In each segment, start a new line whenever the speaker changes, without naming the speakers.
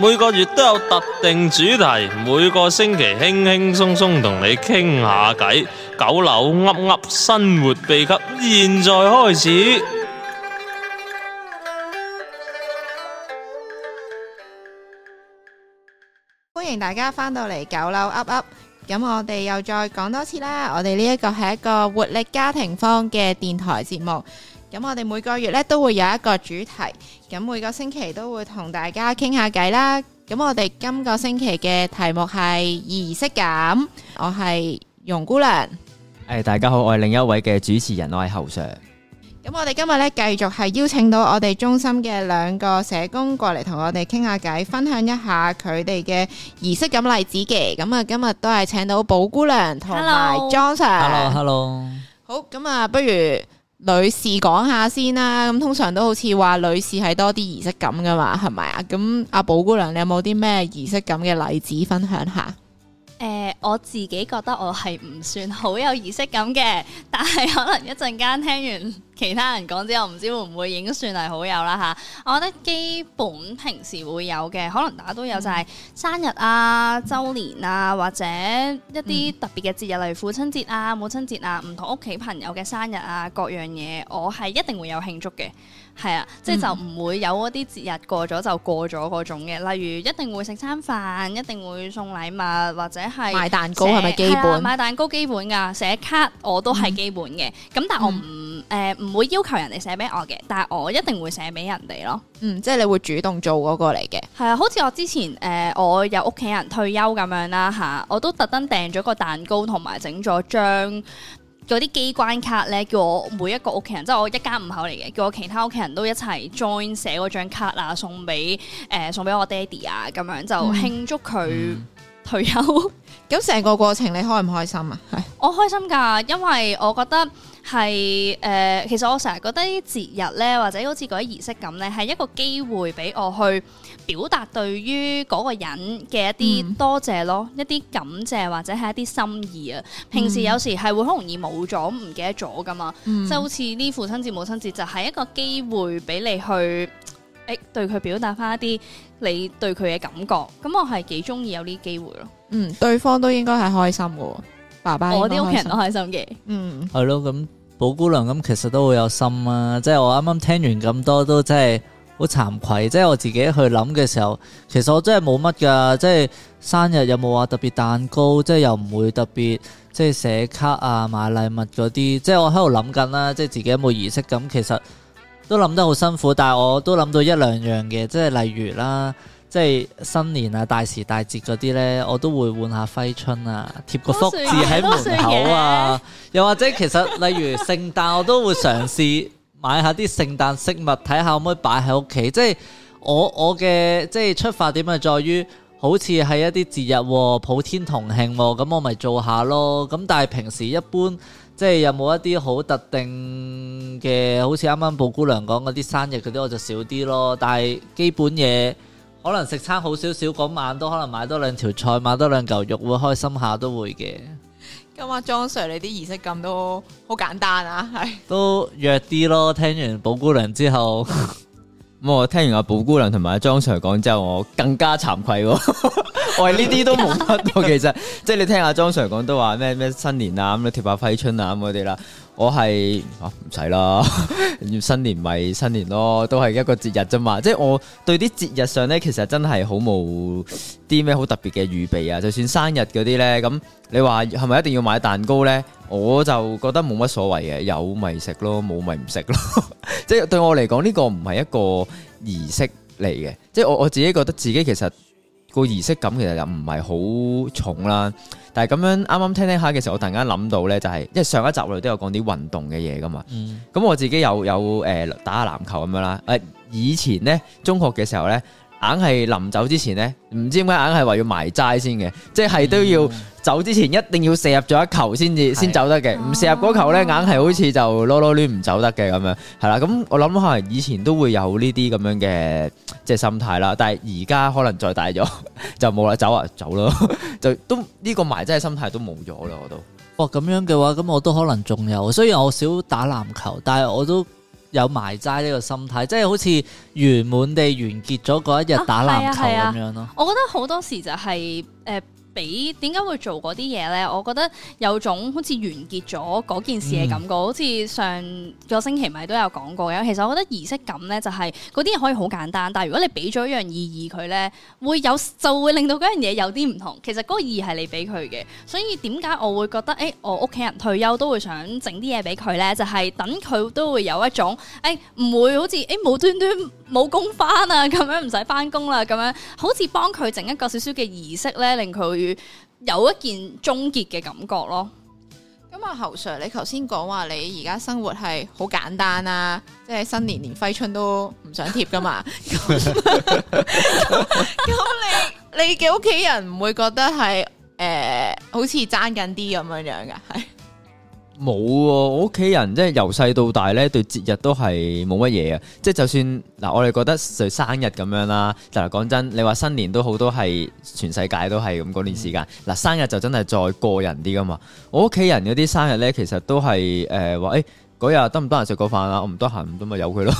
每個月都有特定主題，每個星期輕輕鬆鬆同你傾下偈。九樓噏噏，生活秘笈，現在開始。
歡迎大家返到嚟九樓噏噏，咁我哋又再講多次啦。我哋呢一個係一個活力家庭方嘅電台節目。咁我哋每個月咧，都會有一個主題，咁每個星期都會同大家傾下偈啦。咁我哋今個星期嘅題目係儀式感，我係容姑娘。
誒，大家好，我係另一位嘅主持人，我係侯 Sir。
咁我哋今日咧繼續係邀請到我哋中心嘅兩個社工過嚟同我哋傾下偈，分享一下佢哋嘅儀式感例子嘅。咁啊，今日都係請到寶姑娘同埋 Johnson。Hello，Hello。好，咁啊，不如。女士講下先啦，咁通常都好似話女士係多啲儀式感㗎嘛，係咪啊？咁阿寶姑娘，你有冇啲咩儀式感嘅例子分享下？
誒、呃，我自己覺得我係唔算好有儀式感嘅，但係可能一陣間聽完。 其他人講之後，唔知會唔會已經算係好友啦嚇。我覺得基本平時會有嘅，可能大家都有、嗯、就係生日啊、周年啊，或者一啲特別嘅節日，例如父親節啊、母親節啊，唔同屋企朋友嘅生日啊，各樣嘢我係一定會有慶祝嘅。係啊，即係就唔、是、會有嗰啲節日過咗就過咗嗰種嘅。例如一定會食餐飯，一定會送禮物，或者係買蛋糕係咪基本、啊？買蛋糕基本㗎，寫卡我都係基本嘅。咁、嗯、但係我唔、嗯。誒，唔、呃、會要求人哋寫俾我嘅，但係我一定會寫俾人哋咯。
嗯，即係你會主動做嗰個嚟嘅。
係啊，好似我之前誒、呃，我有屋企人退休咁樣啦吓、啊，我都特登訂咗個蛋糕，同埋整咗張嗰啲機關卡咧，叫我每一個屋企人，即係我一家五口嚟嘅，叫我其他屋企人都一齊 join 寫嗰張卡、呃、爸爸啊，送俾誒送俾我爹哋啊，咁
樣就慶祝佢、嗯。嗯退休咁成個過程，你開唔開心啊？係
我開心噶，因為我覺得係誒、呃，其實我成日覺得啲節日咧，或者好似嗰啲儀式咁咧，係一個機會俾我去表達對於嗰個人嘅一啲多謝咯，嗯、一啲感謝或者係一啲心意啊。平時有時係會好容易冇咗，唔記得咗噶嘛。即、嗯、好似呢父親節、母親節，就係一個機會俾你去。誒，對佢表達翻一啲你對佢嘅感覺，咁我係幾中意有呢機會咯。嗯，
對方都應該係開心嘅，爸爸。我啲屋企人都開心嘅。
嗯，
係咯，咁寶姑娘咁其實都好有心啊。即係我啱啱聽完咁多，都真係好慚愧。即係我自己去諗嘅時候，其實我真係冇乜噶。即係生日有冇話特別蛋糕，即係又唔會特別即係寫卡啊、買禮物嗰啲。即係我喺度諗緊啦，即係自己有冇儀式咁，其實。都諗得好辛苦，但係我都諗到一兩樣嘅，即係例如啦，即係新年啊、大時大節嗰啲呢，我都會換下揮春啊，貼個福字喺門口啊， 又或者其實例如聖誕，我都會嘗試買下啲聖誕飾物，睇下可唔可以擺喺屋企。即係我我嘅即係出發點係在於。好似係一啲節日喎，普天同慶喎、哦，咁我咪做下咯。咁但係平時一般，即係有冇一啲好特定嘅，好似啱啱寶姑娘講嗰啲生日嗰啲，我就少啲咯。但係基本嘢，可能食餐好少少嗰晚，都可能買多兩條菜，買多兩嚿肉，會開心下都會嘅。
今晚莊 Sir 你啲儀式感都好簡單啊，係
都弱啲咯。聽完寶姑娘之後。 咁我聽完阿寶姑娘同埋阿莊 Sir 講之後，我更加慚愧。 我 說說。我係呢啲都冇乜，其實即係你聽阿莊 Sir 講都話咩咩新年啊，咁，貼下揮春啊咁嗰啲啦。我係啊唔使啦，要新年咪新年咯，都係一個節日啫嘛。即係我對啲節日上咧，其實真係好冇啲咩好特別嘅預備啊。就算生日嗰啲咧，咁你話係咪一定要買蛋糕咧？我就覺得冇乜所謂嘅，有咪食咯，冇咪唔食咯。 即係對我嚟講，呢、呢個唔係一個儀式嚟嘅。即係我我自己覺得自己其實個儀式感其實又唔係好重啦。但係咁樣啱啱聽聽下嘅時候，我突然間諗到呢、就係，就係因為上一集我都有講啲運動嘅嘢㗎嘛。咁、嗯、我自己有有誒打下籃球咁樣啦。以前呢，中學嘅時候呢。硬係臨走之前咧，唔知點解硬係話要埋齋先嘅，即係都要走之前一定要射入咗一球先至先走得嘅。唔的射入嗰球咧，硬係、啊、好似就囉囉攣唔走得嘅咁樣，係、嗯、啦。咁我諗可能以前都會有呢啲咁樣嘅即係心態啦，但係而家可能再大咗就冇啦，走啊走咯，就都呢、這個埋齋嘅心態都冇咗啦，我都。哦，咁樣嘅話，咁我都可能仲有，雖然我少打籃球，但係我
都。有埋單呢個心態，即係好似完滿地完結咗嗰一日打籃球咁樣咯、啊啊啊啊。我
覺得好多時就係、是、誒。呃俾點解會做嗰啲嘢呢？我覺得有種好似完結咗嗰件事嘅感覺，嗯、好似上個星期咪都有講過嘅。其實我覺得儀式感呢就係嗰啲嘢可以好簡單，但係如果你俾咗一樣意義佢呢會有就會令到嗰樣嘢有啲唔同。其實嗰個意義係你俾佢嘅，所以點解我會覺得誒、欸，我屋企人退休都會想整啲嘢俾佢呢？就係、是、等佢都會有一種誒唔、欸、會好似誒冇端端冇工翻啊咁樣唔使翻工啦咁樣，好似幫佢整一個少少嘅儀式呢，令佢。有一件終結嘅
感覺咯。咁啊，侯 sir，你頭先講話你而家生活係好簡單啦、啊，即係新年連揮春都唔想貼噶嘛。咁 你你嘅屋企人唔會覺得係誒、呃，好似爭緊啲咁樣樣嘅係？
冇喎、啊，我屋企人即係由細到大咧，對節日都係冇乜嘢嘅。即係就算嗱，我哋覺得就生日咁樣啦。嗱，講真，你話新年都好多係全世界都係咁嗰段時間。嗱，生日就真係再個人啲㗎嘛。我屋企人嗰啲生日咧，其實都係誒話誒嗰日得唔得閒食個飯啊？我唔得閒咁咪由佢咯。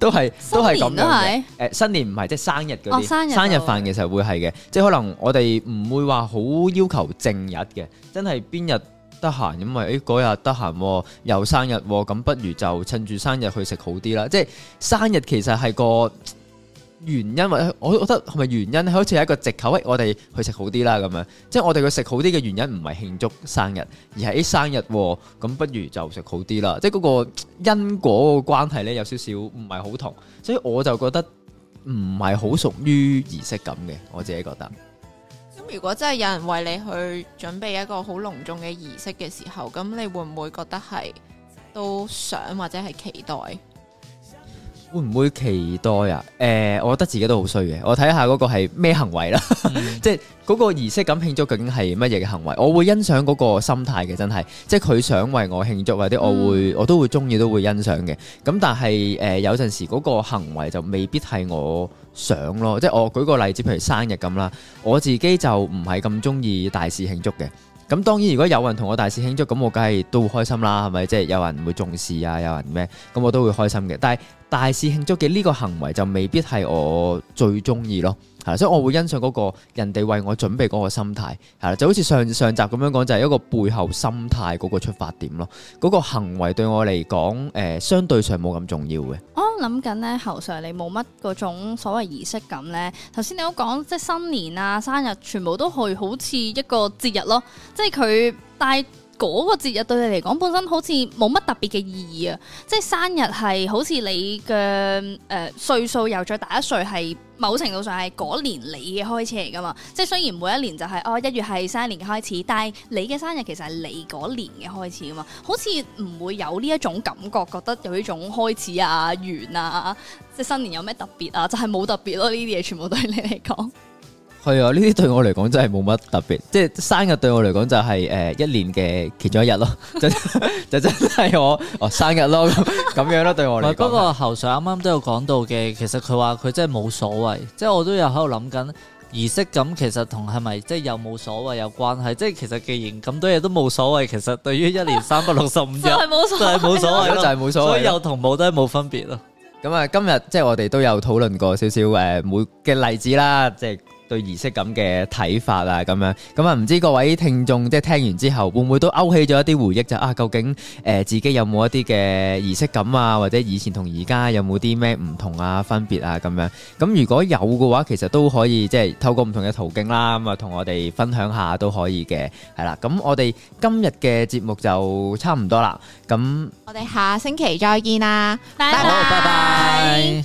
都係生年 都係咁樣嘅。誒是、呃、新年唔係即係生日嗰啲、哦、生日飯其實會係嘅，即係、嗯、可能我哋唔會話好要求正日嘅，真係邊日。得閒，因為誒嗰日得閒又生日咁，不如就趁住生日去食好啲啦。即係生日其實係個原因，或我我覺得係咪原因咧？好似係一個借口，我哋去食好啲啦咁樣。即係我哋去食好啲嘅原因，唔係慶祝生日，而係呢生日咁，不如就食好啲啦。即係嗰個因果個關係呢，有少少唔係好同，所以我就覺得唔係好屬於儀式感嘅，我自己覺得。
如果真係有人為你去準備一個好隆重嘅儀式嘅時候，咁你會唔會覺得係都想或者係期待？
會唔會期待啊？誒、呃，我覺得自己都好衰嘅。我睇下嗰個係咩行為啦，即係嗰個儀式感慶祝究竟係乜嘢嘅行為？我會欣賞嗰個心態嘅，真係，即係佢想為我慶祝，或者我會我都會中意，都會欣賞嘅。咁但係誒、呃、有陣時嗰個行為就未必係我想咯，即係我舉個例子，譬如生日咁啦，我自己就唔係咁中意大肆慶祝嘅。咁當然，如果有人同我大肆慶祝，咁我梗係都會開心啦，係咪？即係有人會重視啊，有人咩？咁我都會開心嘅。但係大肆慶祝嘅呢個行為就未必係我最中意咯，係啦。所以，我會欣賞嗰個人哋為我準備嗰個心態，係啦。就好似上上集咁樣講，就係、是、一個背後心態嗰個出發點咯。嗰、那個行為對我嚟講，誒、呃，相對上冇咁重要嘅。
諗緊咧，侯 Sir 你冇乜嗰種所謂儀式感咧。頭先你都講，即係新年啊、生日，全部都去好似一個節日咯，即係佢帶。嗰個節日對你嚟講，本身好似冇乜特別嘅意義啊！即係生日係好似你嘅誒、呃、歲數又再大一歲，係某程度上係嗰年你嘅開始嚟噶嘛？即係雖然每一年就係、是、哦一月係新年嘅開始，但係你嘅生日其實係你嗰年嘅開始噶嘛，好似唔會有呢一種感覺，覺得有呢種開始啊、完啊，即係新年有咩特別啊？就係、是、冇特別咯、啊，呢啲嘢全部都對你嚟講。
係啊，呢啲對我嚟講真係冇乜特別，即係生日對我嚟講就係誒一年嘅其中一日咯，就就真係我哦生日咯，咁
樣咯對我嚟講。不過侯 Sir 啱啱都有講到嘅，其實佢話佢真係冇所謂，即係我都有喺度諗緊儀式感，其實同係咪即係又冇所謂有關係？即係其實既然咁多嘢都冇所謂，其實對於一年三百六十五日，就係冇所謂咯，就係冇所謂，所以有同冇都係冇分別咯。
咁啊，今日即係我哋都有討論過少少誒，每嘅例子啦，即係。對儀式感嘅睇法啊，咁樣咁啊，唔知各位聽眾即係聽完之後，會唔會都勾起咗一啲回憶？就啊，究竟誒自己有冇一啲嘅儀式感啊，或者以前同而家有冇啲咩唔同啊、分別啊咁樣？咁如果有嘅話，其實都可以即係透過唔同嘅途徑啦，咁啊同我哋分享下都可以嘅。係啦，咁我哋今日嘅節目就差唔多啦。咁
我哋下星期再見啦，拜拜。